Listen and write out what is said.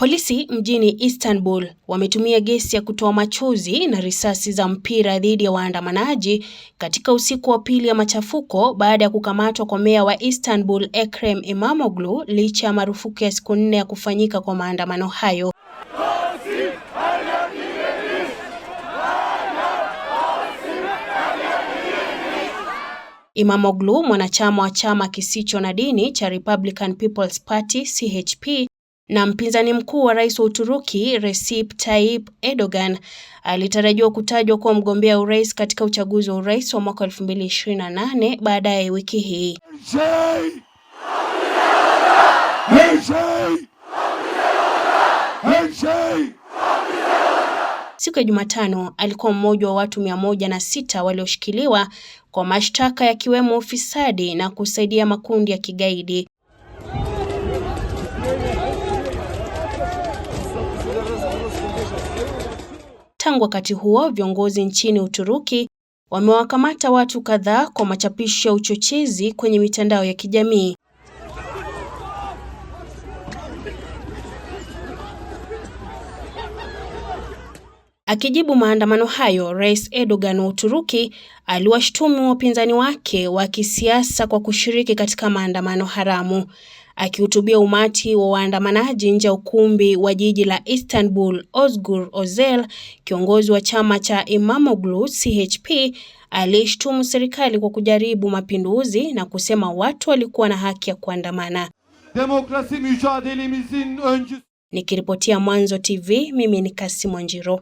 Polisi mjini Istanbul wametumia gesi ya kutoa machozi na risasi za mpira dhidi ya waandamanaji katika usiku wa pili ya machafuko baada ya kukamatwa kwa meya wa Istanbul Ekrem Imamoglu licha ya marufuku ya siku nne ya kufanyika kwa maandamano hayo. Imamoglu, mwanachama wa chama kisicho na dini cha Republican People's Party, CHP, na mpinzani mkuu wa rais wa Uturuki Recep Tayyip Erdogan alitarajiwa kutajwa kuwa mgombea urais katika uchaguzi wa urais wa mwaka 2028 baadaye wiki hii. Siku ya Jumatano alikuwa mmoja wa watu mia moja na sita walioshikiliwa kwa mashtaka yakiwemo ufisadi na kusaidia makundi ya kigaidi. Tangu wakati huo, viongozi nchini Uturuki wamewakamata watu kadhaa kwa machapisho ya uchochezi kwenye mitandao ya kijamii. Akijibu maandamano hayo, Rais Erdogan wa Uturuki aliwashtumu wapinzani wake wa kisiasa kwa kushiriki katika maandamano haramu. Akihutubia umati wa waandamanaji nje ya ukumbi wa jiji la Istanbul, Ozgur Ozel, kiongozi wa chama cha Imamoglu CHP, aliyeshtumu serikali kwa kujaribu mapinduzi na kusema watu walikuwa na haki ya kuandamana. Demokrasi mücadelemizin öncüsü. Nikiripotia Mwanzo TV, mimi ni kasimu Wanjiro.